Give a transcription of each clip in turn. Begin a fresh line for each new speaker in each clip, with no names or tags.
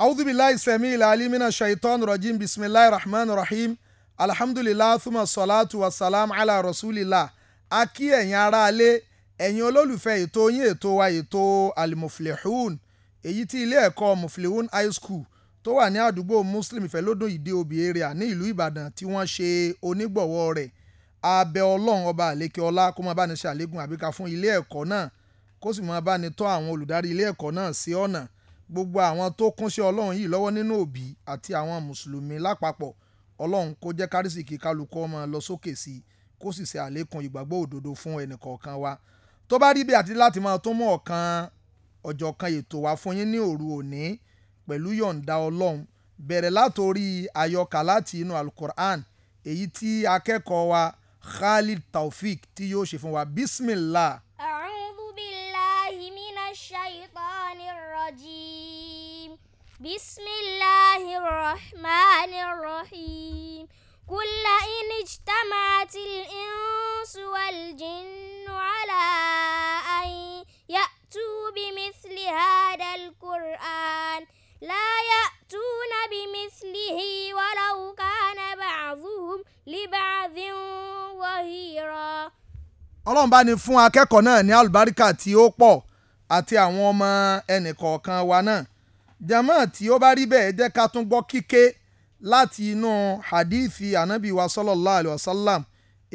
أعوذ بالله السميع العليم من الشيطان الرجيم بسم الله الرحمن الرحيم الحمد لله ثم الصلاة والسلام على رسول الله a kí ẹ̀yin aráalé ẹ̀yin olólùfẹ́ ètò yín ètò wa ètò alimuflehun èyí tí ilé ẹ̀kọ́ muflehun high school tó wà ní àdúgbò muslim ìfẹ́lódún ìdí òbí area ní ìlú ìbàdàn tí wọ́n ṣe onígbọ̀wọ́ rẹ̀ abẹ ọlọ́run ọba àlékè ọlá kó máa bá ní ṣàlékún àbíká fún ilé ẹ̀kọ́ náà kó sì máa bá ní tọ́ àwọn olùdarí ilé ẹ̀kọ́ náà sí ọ̀nà gbogbo àwọn tó kún sí ọlọ́run yìí lọ́wọ́ nínú òbí àti àwọn mùsùlùmí lápapọ̀ ọlọ́run kó jẹ́ kárísìkí kálukú ọmọ lọ sókè sí i kó sì ṣe àlékún ìgbàgbọ́ òdodo fún ẹnìkọ̀ọ̀kan wa tó bá rí bí àti láti máa tó mú ọ̀kan ọ̀jọ̀kan ètò wa fún yín ní òru òní pẹ̀lú yọ̀ǹda ọlọ́run bẹ̀rẹ̀ látòrí àyọkà láti inú alukur'an èyí tí akẹ́kọ̀ọ́ wa Khalid Taufik tí yóò ṣe fún wa bismillah. بسم الله الرحمن الرحيم كل إن اجتمعت الإنس والجن على أن يأتوا بمثل هذا القرآن لا يأتون بمثله ولو كان بعضهم لبعض ظهيرا ọlọ́run bá ní fún akẹ́kọ̀ọ́ náà ní àlùbáríkà tí ó pọ̀ àti àwọn ọmọ ẹnìkọ̀ọ̀kan wa náà jama tí ó bá rí bẹ́ẹ̀ jẹ́ ká tún gbọ́ kíké láti inú hadithi anabi wa sallallahu alayhi wa sallam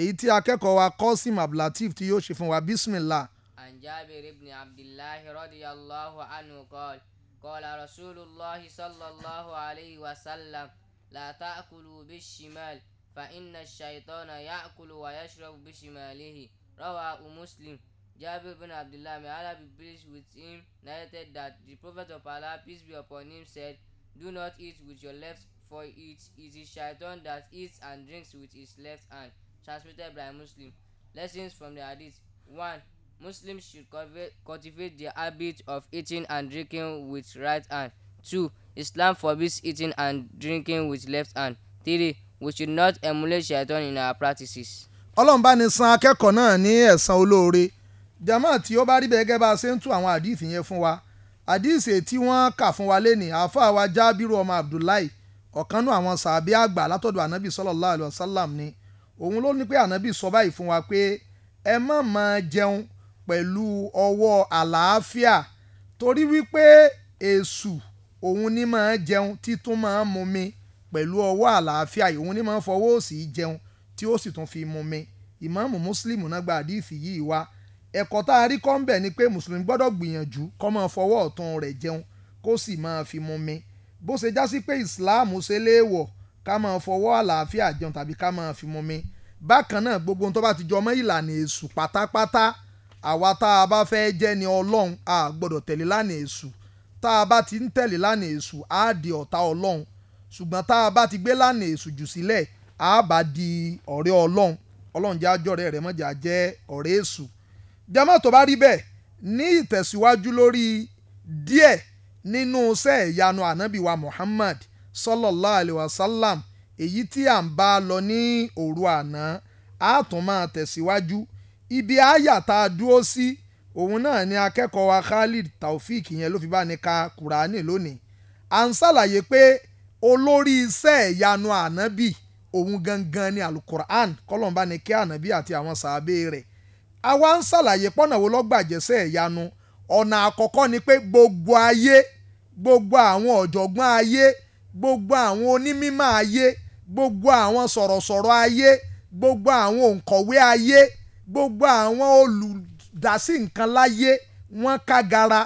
èyí tí akẹ́kọ̀ọ́ wa Qasim Abdulatif tí yóò ṣe fún wa bismillah. an Jabir ibn Abdullahi radiyallahu anhu qala qala Rasulullahi sallallahu alayhi wa sallam la ta'kulu bishimal fa inna ash-shaytana ya'kulu wa yashrabu bishimalihi rawahu Muslim. Jabir bin Abdullah, may Allah be pleased with him, narrated that the Prophet of Allah, peace be upon him, said, Do not eat with your left, for it is the shaitan that eats and drinks with his left hand. Transmitted by Muslim. Lessons from the Hadith One, Muslims should cultivate the habit of eating and drinking with right hand. Two, Islam forbids eating and drinking with left hand. Three, We should not emulate shaitan in our practices. ọlọ́run ni san akẹ́kọ̀ọ́ náà ní ẹ̀san olóore jama tí ó bá rí bẹ́ẹ̀ gẹ́gẹ́ bá a ṣe ń tú àwọn àdìsí yẹn fún wa àdìsí tí wọ́n kà fún wa lẹ́nì àáfàá wa jábírù ọmọ abdullahi ọ̀kanú àwọn sàbí àgbà látọ̀dọ̀ ànábì sallallahu alaihi wasallam ni òun ló ní pé ànábì sọ báyìí fún wa pé ẹ má máa jẹun pẹ̀lú ọwọ́ àlàáfíà torí wípé èṣù òun ní máa jẹun títún máa mumi pẹ̀lú ọwọ́ àlàáfíà òun ní máa fọwọ́ òsì jẹun tí ó sì tún fi mumi ìmáàmù mùsùlùmù náà gba àdìsí yìí wá ẹ̀kọ́ tá a rí kọ́ ń bẹ̀ ni pé mùsùlùmí gbọ́dọ̀ gbìyànjú kó máa fọwọ́ ọ̀tún rẹ̀ jẹun kó sì máa fi mu mi bó ṣe já sí pé ìsìláàmù ṣe léèwọ̀ ká máa fọwọ́ àlàáfíà jẹun tàbí ká máa fi mu mi bákan náà gbogbo ohun tó bá ti jọ mọ́ ìlànà èṣù pátápátá àwa tá a bá fẹ́ jẹ́ ni ọlọ́run a gbọ́dọ̀ tẹ̀lé lánàá èṣù tá a bá ti ń tẹ̀lé lánàá èṣù á di ọ̀tá ọlọ́run ṣùgbọ́n ti gbé lánàá èṣù jù sílẹ̀ á bá di ọ̀rẹ́ ọlọ́run ọlọ́run jẹ́ àjọ̀rẹ́ rẹ̀ jẹ́mọ́ tó bá rí bẹ́ẹ̀ ní ìtẹ̀síwájú lórí díẹ̀ nínú iṣẹ́ ìyanu ànábì wa Muhammad sallallahu alayhi wa sallam èyí tí à ń bá a lọ ní òru àná a tún máa tẹ̀síwájú ibi àyà tá a dúró sí òun náà ni akẹ́kọ̀ọ́ wa Khalid Taofik yẹn ló fi bá ní ka Kùránì lónìí à ń ṣàlàyé pé olórí iṣẹ́ ìyanu ànábì òun gangan ni alukur'an kọ́lọ́mbà ni kí ànábì àti àwọn sàábé rẹ̀ a wá ń ṣàlàyé pọ́nà wo lọ́gbàjẹsẹ̀ ìyanu ọ̀nà àkọ́kọ́ ni pé gbogbo ayé gbogbo àwọn ọ̀jọ̀gbọ́n ayé gbogbo àwọn onímímọ̀ ayé gbogbo àwọn sọ̀rọ̀sọ̀rọ̀ ayé gbogbo àwọn òǹkọ̀wé ayé gbogbo àwọn olùdásí nǹkan láyé wọ́n kágara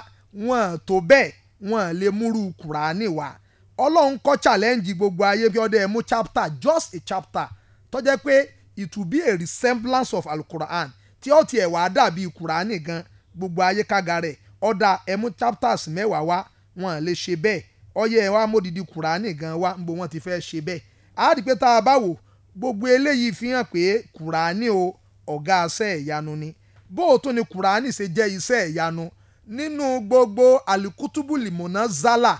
wọ́n tó bẹ́ẹ̀ wọ́n lè múrú kùránì wá ọlọ́run kọ́ challenge gbogbo ayé bí ọdẹ mú chapter just a chapter tó pé it will be a resemblance of alukur'an tí ó tiẹ̀ wá dàbí kùránì gan gbogbo ayé kága rẹ̀ ọ̀dà ẹ̀mú chapters mẹ́wàá wá wọn lè ṣe bẹ́ẹ̀ ọyẹ ẹ̀ wá kùránì gan wá ń wọn ti fẹ́ ṣe bẹ́ẹ̀ á rí i pé tá a bá wò gbogbo eléyìí fi hàn pé kùránì o ọ̀gá iṣẹ́ ìyanu ni bó o tún ni kùránì ṣe jẹ́ iṣẹ́ ìyanu nínú gbogbo alikutubuli monazala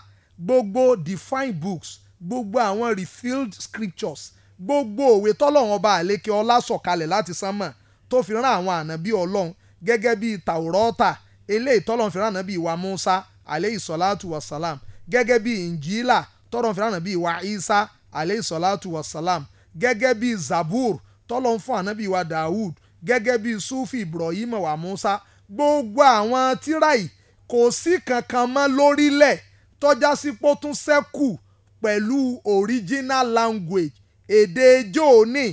gbogbo divine books gbogbo àwọn refilled scriptures gbogbo òwe tọ́lọ́run ọba àlékè ọlá sọ̀kalẹ̀ láti sánmọ̀ tó fi rán àwọn ànábì ọlọ́run gẹ́gẹ́ bíi tàwùrọ́ọ̀tà eléyìí tọ́lọ́run fi rán ànábì wa musa aleyhi salatu wa salam gẹ́gẹ́ bíi injila tọ́lọ́run fi rán ànábì wa isa aleyhi salatu wa salam gẹ́gẹ́ bíi zabur tọ́lọ́run fún ànábì wa dawud gẹ́gẹ́ bíi sufi ibrahim wa musa gbogbo àwọn tírà yìí kò sí kankan mọ́ lórílẹ̀ tọ́já sí pó tún pẹ̀lú original language èdè jóòní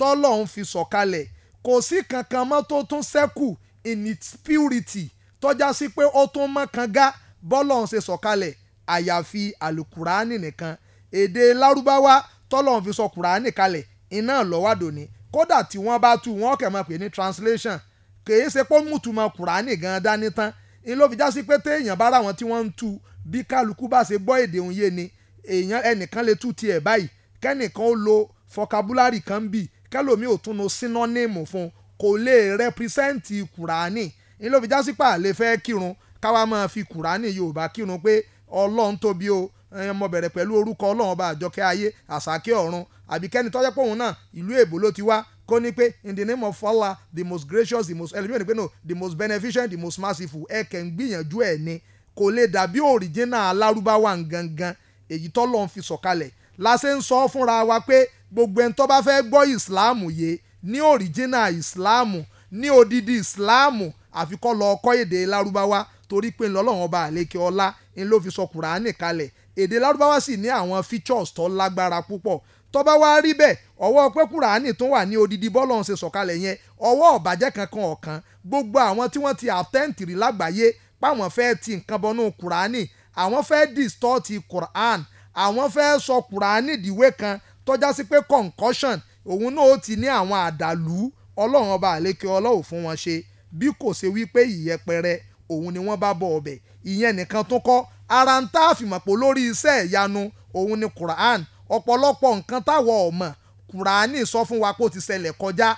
tọ́lọ́run fi sọ̀kalẹ̀ so kò sí kankan mọ́ tó tún ṣẹ́kù in its purity tọ́já sí pé ó tún mọ́ kanga bọ́lọ̀ ń ṣe sọ̀kalẹ̀ àyàfi àlùkùránì nìkan èdè lárúbáwá tọ́lọ̀ ń fi sọ kùránì kalẹ̀ iná lọ́wádò ni kódà tí wọ́n bá tú wọ́n kẹ̀ máa pè ní translation kèé ṣe pé mútùmọ̀ kùránì gan dání tán ni ló fi já sí pé téèyàn bá ráwọn tí wọ́n ń tú bí kálukú bá ṣe gbọ́ èdè òun yé ni èèyàn ẹnìkan lè tú tiẹ̀ báyìí kẹ́nìkan ó lo fọkabúlárì kan bì kẹlòmí ò tún no sínọ́nìmù fún kò lè rẹpírẹsẹ́ǹtì kùránì ní ló fi já sí pàlè fẹ́ kírun káwa máa fi kùránì yorùbá kírun pé ọlọ́run tóbi o ọmọ bẹ̀rẹ̀ pẹ̀lú orúkọ ọlọ́run ọba àjọkẹ́ ayé àsàkẹ́ ọ̀run àbí kẹ́ni tọ́jọ́ pé òun náà ìlú èbó ló ti wá kó ní pé in the name of Allah the most gracious the most ẹlẹ́mìíràn pé no the most beneficent the most merciful ẹ kẹ́ ń gbìyànjú ẹ̀ ni kò lè dàbí òrìjínà alárúbáwá gangan èyí tọ́lọ́run fi sọ̀kalẹ̀ la ṣe ń sọ fúnra wa pé gbogbo ẹni tó bá fẹ́ gbọ́ ìsìláàmù yé ní òrìjínà ìsìláàmù ní odidi ìsìláàmù àfi kó lọ kọ́ èdè lárúbáwá torí pé ńlọ́lọ́run ọba àlékè ọlá ń ló fi sọ kùránì kalẹ̀ èdè lárúbáwá sì ní àwọn features tó lágbára púpọ̀ tó bá wá rí bẹ́ẹ̀ ọwọ́ pé kùránì tó wà ní odidi bọ́lọ́run ṣe sọ̀kalẹ̀ yẹn ọwọ́ ọ̀bàjẹ́ kankan ọ̀kan gbogbo àwọn tí wọ́n ti àtẹ́ǹtì rí lágbàáyé páwọn fẹ́ ti nǹkan bọnú kùránì àwọn fẹ́ distọ́ọ̀tì kùránì àwọn fẹ́ sọ kùránì dìwé kan tọ́já sí pé concussion òun náà ó ti ní àwọn àdàlú ọlọ́run ọba àlékè ọlọ́run fún wọn ṣe bí kò ṣe wípé ìyẹpẹrẹ òun ni wọ́n bá bọ̀ ọbẹ̀ ìyẹn nìkan tó kọ́ ara ń tá àfìmọ̀pọ̀ lórí iṣẹ́ ìyanu òun ni Quran ọ̀pọ̀lọpọ̀ nǹkan táwọ̀ ọ̀mọ̀ Quran sọ fún wa kó ti ṣẹlẹ̀ kọjá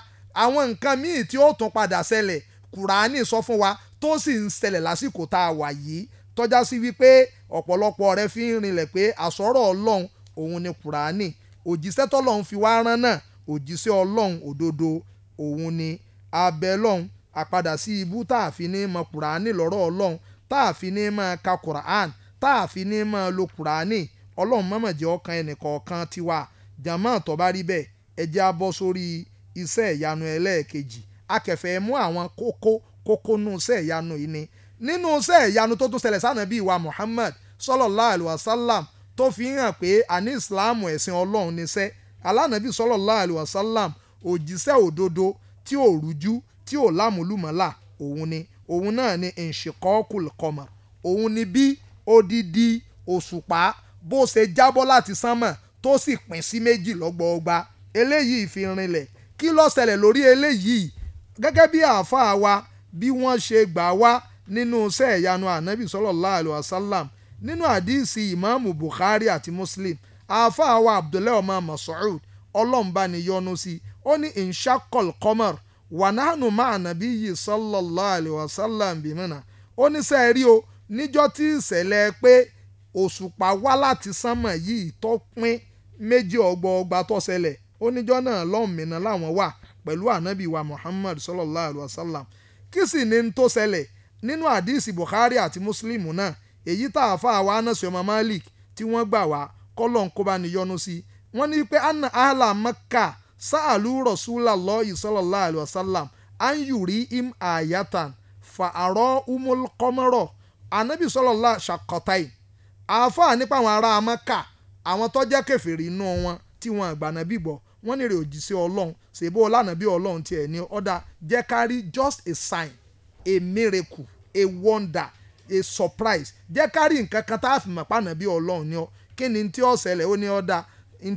àwọn nǹkan míì tí ó tún padà ṣẹlẹ̀ Quran sọ fún wa tó sì ń ṣẹlẹ̀ lásìkò tá a wà yìí tọ́já sí wípé ọ̀pọ̀lọpọ̀ rẹ fi ń rinlẹ̀ pé àsọ̀rọ̀ ọlọ́run òun ni Quran òjíṣẹ́ tọ́lọ́hún fi wá rán náà òjíṣẹ́ ọlọ́hún òdodo òun ni abẹ́lọ́hún àpadà sí ibú tá a fi ní mọ kùránì lọ́rọ̀ ọlọ́hún tá a fi ní mọ ka kùránì tá a fi ní mọ lo kùránì ọlọ́hún mọ̀mọ̀ jẹ́ ọkàn ẹnìkọ̀ọ̀kan tiwa jàmọ́ tó bá rí bẹ́ẹ̀ ẹ jẹ́ a bọ́ sórí iṣẹ́ ìyanu ẹlẹ́ẹ̀kejì akẹfẹ́ mú àwọn kókó kókó nù iṣẹ́ ìyanu yìí ni nínú iṣẹ́ ìyanu tó tún ṣẹlẹ̀ sánà bíi wa Muhammad sallallahu alaihi wasallam tó fi hàn pé àní ìsìláàmù ẹ̀sìn ọlọ́run níṣẹ́ alánàbí sallallahu alaihi wasallam òjíṣẹ́ òdodo tí ò rújú tí ò lámùlùmọ́là òun ni òun náà ni ìṣìkọ́kùl kọmọ̀ òun ni bí odidi òṣùpá bó ṣe jábọ́ láti sánmọ̀ tó sì pín sí méjì lọ́gbọọgba eléyìí fi rinlẹ̀ kí ló ṣẹlẹ̀ lórí eléyìí gẹ́gẹ́ bí àáfàá wa bí wọ́n ṣe gbà wá nínú iṣẹ́ ìyanu ànábì sallallahu alaihi wasallam nínú àdíìsì ìmáàmù Bukhari àti Muslim àáfàá wa Abdullahi ọmọ Masoud ọlọ́mba ni yọ́nú sí i ó ní inshakol qamar wànánù máa yìí sallallahu alayhi wa sallam bìmínà ó ní sẹ́ẹ̀rí o níjọ́ tí ìṣẹ̀lẹ̀ pé òṣùpá wá láti sánmà yìí tó pín méjì ọgbọọgba tó ó níjọ́ náà lọ́ọ̀mìnà láwọn wà pẹ̀lú ànábì wa Muhammad sallallahu alayhi wa sallam kí sì ni tó ṣẹlẹ̀ nínú àdìsí Bukhari àti Muslim náà èyí tá a fa àwa anasi ọmọ malik tí wọ́n gbà wá kọ́lọ̀ ń kó bá ní yọnu sí wọ́n ní pé anna ahla maka sa'alu rasulallahi sallallahu alayhi wa sallam an yuri im ayatan fa àrọ́ umul kọ́mọ́rọ̀ anabi sallallahu ṣàkọ́tàì àáfàá nípa àwọn ará maka àwọn tó jẹ́ kèfèrí inú wọn tí wọ́n àgbànàbí gbọ́ wọ́n ní rè òjíṣẹ́ ọlọ́run ṣèbó ọlànàbí ọlọ́run tiẹ̀ ní ọ̀dà jẹ́ ká just a sign a miracle a wonder a surprise jẹ́ ká rí nǹkan kan tá a fi mọ̀ pàánà bí ọlọ́run ni ọ kí ni tí ó ó ní ọ da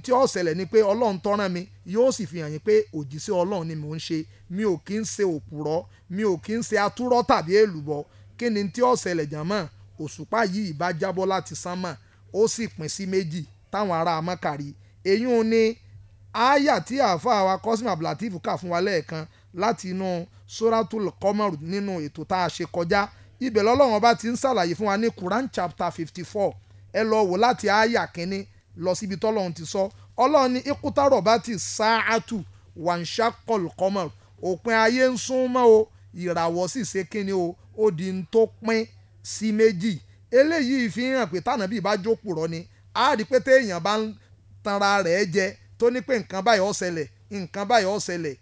tí ó ni pé ọlọ́run tó mi yóò sì fi hàn yín pé òjíṣẹ́ ọlọ́run ni mò ń ṣe mi ò kí ń ṣe òpùrọ́ mi ò kí ń ṣe atúrọ́ tàbí èlùbọ́ kí ni tí ó ṣẹlẹ̀ jàmọ́ òṣùpá yìí ìbá jábọ́ láti sánmà ó sì pín sí méjì táwọn ará amákàrí èyí ò ní àyà tí àáfàá wa kọ́sìmọ̀ abdulatif kà fún wa lẹ́ẹ̀kan láti inú sóràtúl kọ́mọ̀rù nínú ètò tá a ṣe kọjá ibẹ̀ lọ́lọ́run bá ti ń ṣàlàyé fún wa ní Quran chapter fifty four ẹ lọ wò láti àyà kínní lọ síbi tọ́lọ́run ti sọ ọlọ́run ní ikutarọ̀ bá ti sáàtù wàǹṣà kọlùkọ́mọ̀ òpin ayé ń sún mọ́ o ìràwọ̀ sì ṣe kínní o ó di ń tó pín sí méjì eléyìí fi hàn pé tànàbí ìbájókòó rọ ni a rí pé téèyàn bá ń tanra rẹ̀ jẹ tó ní pé nǹkan báyìí ó nǹkan báyìí ó ṣẹlẹ̀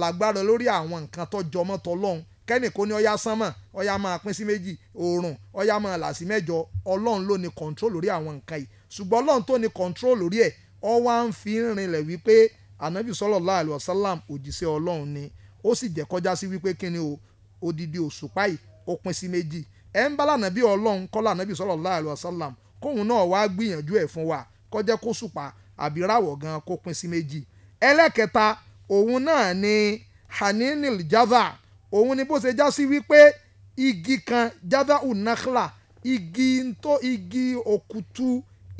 lágbára lórí àwọn nǹkan tó jọmọ́ tọ́lọ́run kẹ́nìkó ní ọ̀yá sánmọ̀ ọ̀yá máa pín sí méjì oòrùn ọ̀yá máa là sí mẹ́jọ ọlọ́run ló ní control lórí àwọn nǹkan yìí ṣùgbọ́n ọlọ́run tó ní control lórí ẹ̀ ọ wá ń fi rinlẹ̀ wípé anabi sallallahu alaihi wasallam òjíṣẹ́ ọlọ́run ni ó sì jẹ́ kọjá sí wípé kíni o odidi òṣùpá yìí ó pín sí méjì ẹ̀ ń bá lànàbí ọlọ́run kọ́ lànàbí sallallahu alaihi wasallam kóhun náà wá gbìyànjú ẹ̀ fún wa kọjá kó ṣùpá àbí ráwọ̀ gan kó pín sí méjì ẹlẹ́kẹta òun náà ni haninil java òun ni bó ṣe já sí wípé igi kan jadahu nakhla igi tó igi òkútu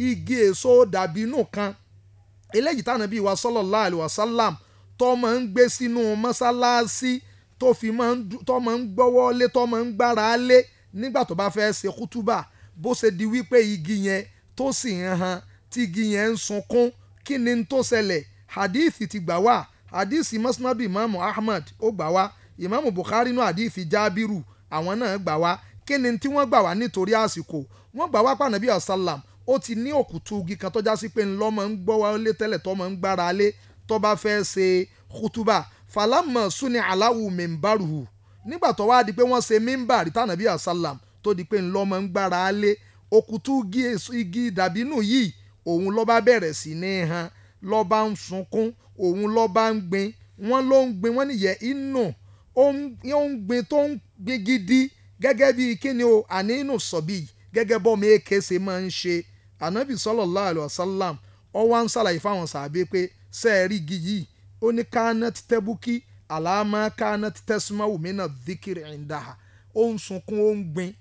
igi èso dàbínú kan eléyìí tànà bíi wa sallallahu alaihi wasallam tó máa ń gbé sínú mọ́sálásí tó fi máa ń gbọ́wọ́ lé tó máa ń gbára lé nígbà tó bá fẹ́ ṣe kútúbà bó ṣe di wípé igi yẹn tó sì ń han tí igi yẹn ń sunkún kí ni tó ṣẹlẹ̀ hadithi ti gbà wá hadithi masnadu imaamu ahmad ó gbà wá ìmáàmù Bukhari nù àdìsí jábírù àwọn náà gbà wá kí ni tí wọ́n gbà wá nítorí àsìkò wọ́n gbà wá pànàbí ọ̀sálàm ó ti ní òkùtù igi kan tó já sí pé ńlọ máa ń gbọ́ wálé tẹ́lẹ̀ tó máa ń gbára lé tó bá fẹ́ ṣe kútúbà falamọ̀ súnni aláwù mẹ́ńbàrù nígbà tó wá di pé wọ́n ṣe mẹ́ńbàrì tànàbí ọ̀sálàm tó di pé ńlọ máa ń gbára lé òkùtù igi dàbínú yìí òun ló bá bẹ̀rẹ̀ sí ní hàn ló bá ń sunkún òun ló bá ń gbin wọ́n ló ń gbin wọ́n nìyẹn inú ó ń gbin tó ń gbin gidi gẹ́gẹ́ bí kíni o ànínú sọ̀bì gẹ́gẹ́ bọ́ọ̀mù èké ṣe máa ń ṣe ànábì sallallahu alaihi wasallam ó wá ń ṣàlàyé fáwọn sàbí pé sẹ́ẹ̀rí igi yìí ó ní káná ti tẹ́búkí àlàámá káná ti tẹ́símáwò mìíràn díkìrì ìdáhà ó ń sunkún ó ń gbin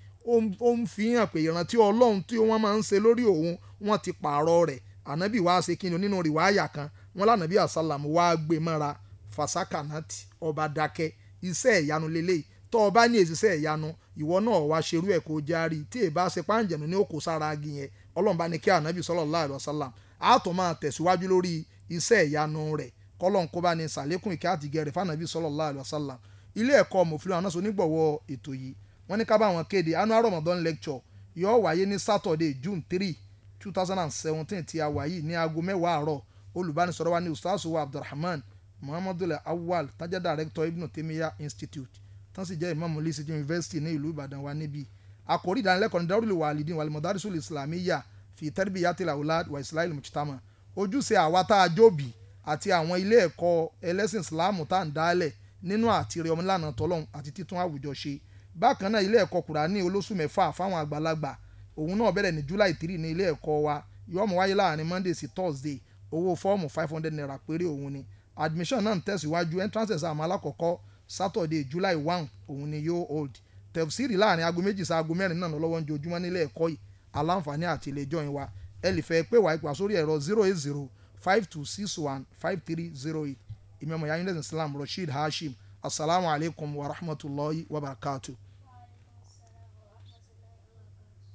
ó ń fi hàn pé ìrántí ọlọ́run tí wọ́n máa ń ṣe lórí òun wọ́n ti pààrọ̀ rẹ̀ ànábì wá ṣe kíni nínú rìwáyà kan wọn lànàbí àsálàmù wá gbé mọ́ra fàṣákànátì ọba dákẹ́ iṣẹ́ ìyanu lélẹ́yìí tó o bá ní èsìsẹ́ ìyanu ìwọ náà wá ṣerú ẹ̀ kó járí tí èbá ṣe páǹjẹ̀nù ní òkú sára agi yẹn ọlọ́run bá ní kí ànábì sallallahu alaihi wasallam á tún máa tẹ̀síwájú lórí iṣẹ́ ìyanu rẹ̀ kọ́lọ́n kó bá ní sàlékún ìkẹ́ àtìgẹ̀rẹ̀ fànàbì sallallahu alaihi wasallam ilé ẹ̀kọ́ mòfin àwọn onígbọ̀wọ́ ètò yìí wọ́n ní ká bá wọn kéde annual Ramadan lecture yóò wáyé ní Saturday June three two thousand and seventeen tí a wà yìí ní aago mẹ́wàá àárọ̀ olùbánisọ̀rọ̀ wa ní ustaasu wa Abdulrahman muhammadu awal tájẹ́ director ibn temiya institute tán sì jẹ́ imam lisiti university ní ìlú ìbàdàn wa níbí àkórí ìdánilẹ́kọ̀ọ́ ní darul walidin wal madarisul islamiyya fi tarbiyatil aulad wa islahil mujtama ojúṣe àwa tá a jóòbí àti àwọn ilé ẹ̀kọ́ ẹlẹ́sìn islamu tá à ń dálẹ̀ nínú àtìrẹ ọmọlànà tọlọ́hún àti títún àwùjọ ṣe bákan náà ilé ẹ̀kọ́ kùránì olóṣù mẹ́fà fáwọn àgbàlagbà òun náà bẹ̀rẹ̀ ní july three ní ilé ẹ̀kọ́ wa yọmọ wáyé láàrin monday sí thursday owó fọ́ọ̀mù five hundred naira péré òun ni admission náà ń tẹ̀síwájú entrance exam alákọ̀ọ́kọ́ Saturday July one òun ni yóò hold tẹ̀síìrì láàrin aago méjì sí aago mẹ́rin náà lọ́wọ́ ń jojúmọ́ nílé ẹ̀kọ́ yìí aláǹfààní àti ilé ìjọ yín wa ẹ lè fẹ́ sórí ẹ̀rọ zero eight zero five two six one five three zero eight ìmọ̀ọ́mọ̀ yaayín lẹ́sìn Islam Rasheed Hashim asalaamualeykum wa rahmatulahi wa barakatuh.